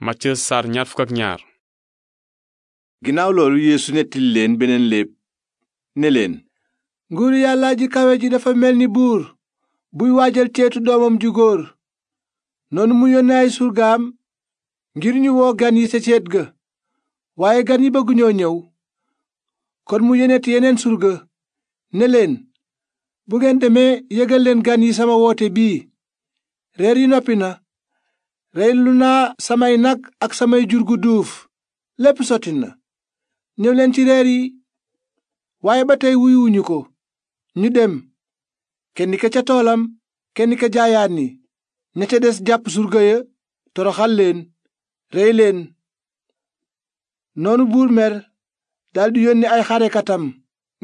Matthieu saar ñaar ginnaaw loolu yéesu nettali leen beneen léeb ne leen nguuru yàllaa ji kawe ji dafa mel ni buur buy waajal ceetu doomam ju góor noonu mu yónnee ay surgaam ngir ñu woo gan yi ca ceet ga waaye gan yi bëgguñoo ñëw kon mu yónneeti yeneen surga ne leen bu ngeen demee yëgal leen gan yi sama woote bii reer yi noppi na lu naa samay nag ak samay jur gu duuf lépp sotti na ñëw leen ci reer yi waaye ba tey wuyuwuñu ko ñu dem kenn ka ca toolam kenn ka jaayaat ni ña ca des jàpp surga ya toroxal leen rey leen noonu buur mer daldi yónni ay xarekatam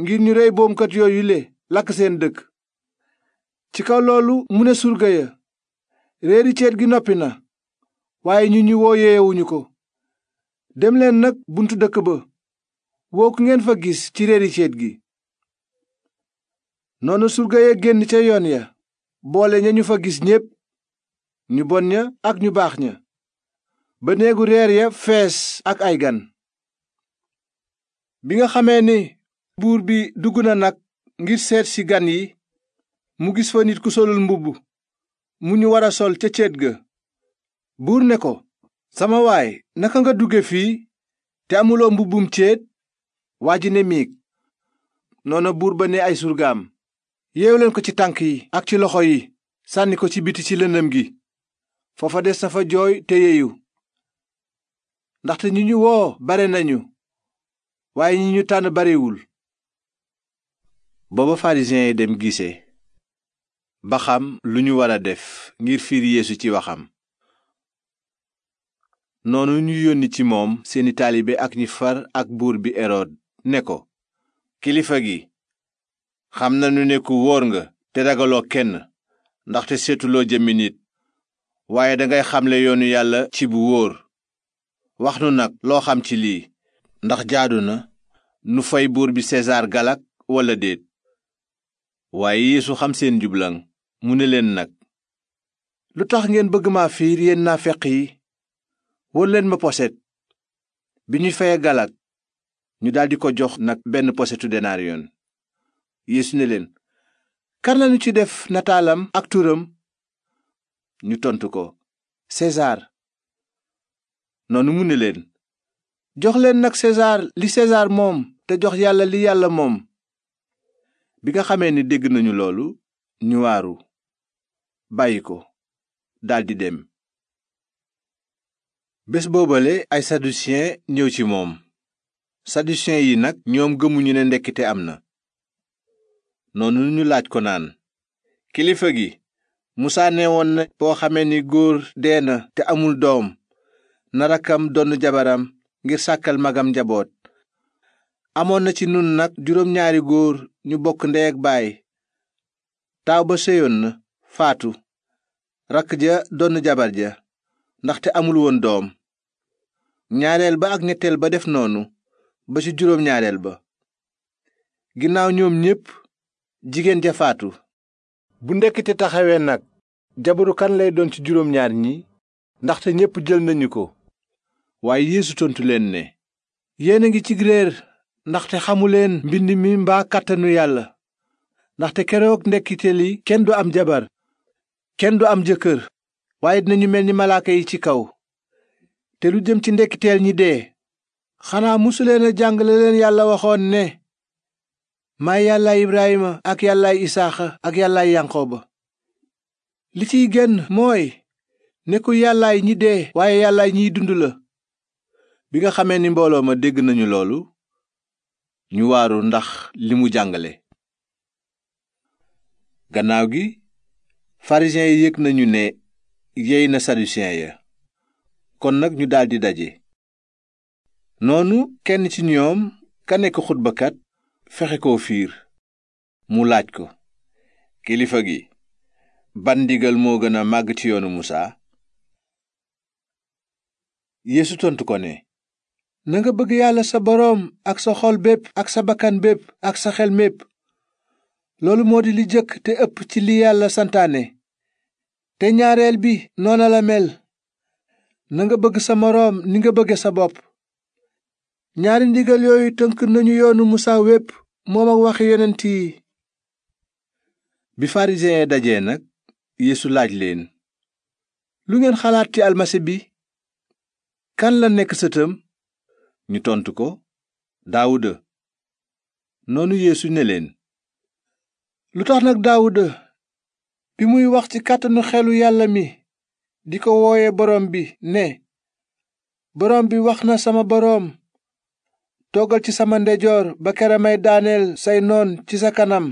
ngir ñu rey boomkat yooyu le lakk seen dëkk ci kaw loolu mu ne surga ya réeri ceet gi noppi na waaye ñu ñu woo ko dem leen nag buntu dëkk ba woo ku ngeen fa gis ci réeri ceet gi noonu surga ya génn ca yoon ya boole ña ñu fa gis ñépp ñu bon ña ak ñu baax ña ba néegu reer ya fees ak ay gan bi nga xamee ni buur bi dugg na nag ngir seet ci gan yi mu gis fa nit ku solul mbubb mu ñu war a sol ca ceet ga buur ne ko sama waay naka nga dugge fii te amuloo mbubbum céet waa ji ne miig noona buur ba ne ay surgaam yeew ko ci tànk yi ak ci loxo yi sànni ko ci biti ci lëndëm gi foofa des na fa jooy te yeeyu ndaxte ñi ñu woo bare nañu waaye ñi ñu tànn barewul booba farisiyen yi dem gisee ba xam lu ñu war a def ngir fiir yeesu ci waxam noonu ñu yónni ci moom seeni taalibe ak ñi far ak buur bi erod ne ko kilifa gi xam nañu ne ku wóor nga te ragaloo kenn ndaxte seetuloo jëmmi nit waaye dangay xamle yoonu yàlla ci bu wóor wax nu nag loo xam ci lii ndax jaadu na nu fay buur bi sesaar galak walla déet waaye yeesu xam seen jublaŋ mu ne leen nag yi wóor leen ma poset bi ñu feye galak ñu daldi ko jox nag benn posetu denariyon yéesu ne leen kan ci def nataalam ak turam ñu tontu ko sesaar noonu mu ne leen nag sesaar li sesaar moom te jox yàlla li yàlla moom bi nga xamee ni dégg nañu loolu ñu waaru bàyyi ko daldi dem bés boobale ay sadusiyen ñëw ci moom sadusiyen yi nag ñoom gëmuñu ne ndekkite am na noonu ñu laaj ko naan kilifa gi musaa nee woon na boo xamee ni góor dee na te amul doom na rakkam donn jabaram ngir sàkkal magam njaboot amoon na ci nun nag juróom ñaari góor ñu bokk ndey ak baay taaw ba séyoon na faatu rakk ja donn jabar ja ndaxte amul woon doom ñaareel ba ak ñetteel ba def noonu ba ci juróom ñaareel ba ginnaaw ñoom ñépp jigéen jafaatu bu ndekkite taxawee nag jabaru kan lay doon ci juróom ñaar ñi ndaxte ñépp jël nañu ko waaye yeesu tontu leen ne yéen a ngi ci réer ndaxte xamuleen mbind mi mbaa kàttanu yàlla ndaxte keroog ndekkite li kenn du am jabar kenn du am jëkkër waaye dinañu mel ni malaaka yi ci kaw te lu jëm ci ndekkiteel ñi dee xanaa musuleen a jàng la yàlla waxoon ne maay yàllaay ibrahima ak yàllaay isaaxa ak yàllaay yanqooba li ciy génn mooy nekkul yàllaay ñi dee waaye yàllaay ñiy dund la bi nga xamee ni mbooloo ma dégg nañu loolu ñu waaru ndax li mu jàngale gannaaw gi pharisiens yi yëg nañu ne yey na sadusiyen ya kon nag ñu daldi daje noonu kenn ci ñoom ka nekk xutbakat fexe koo fiir mu laaj ko kilifa gi ban ndigal moo gën a màgg ci yoonu musaa yeesu tontu ko ne nanga bëgg yàlla sa boroom ak sa xol bépp ak sa bakkan bépp ak sa xel mépp loolu moo di li jëkk te ëpp ci li yàlla santaane te ñaareel bi noona la mel na nga bëgg sa moroom ni nga bëgge sa bopp ñaari ndigal yooyu tënk nañu yoonu musaa wépp moom ak wax yonent yi bi farisiyen ya dajee nag yéesu laaj leen lu ngeen xalaat ci almasi bi kan la nekk sëtam ñu tontu ko daawuda noonu yéesu ne leen lu tax nag daawuda bi muy wax ci kàttanu xelu yàlla mi di ko wooye borom bi ne borom bi wax na sama borom toggal ci sama ndejoor ba kera may daaneel say noon ci sa kanam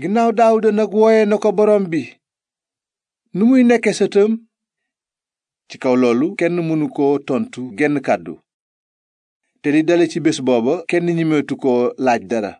ginnaaw daawuda nag wooye na ko borom bi nu muy nekke sëtam ci kaw loolu kenn mënu ko tontu genn kàddu te li dale ci bés booba kenn ñimeetu ko laaj dara